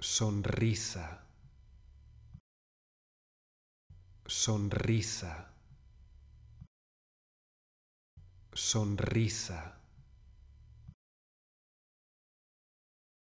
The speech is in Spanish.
Sonrisa. Sonrisa. Sonrisa.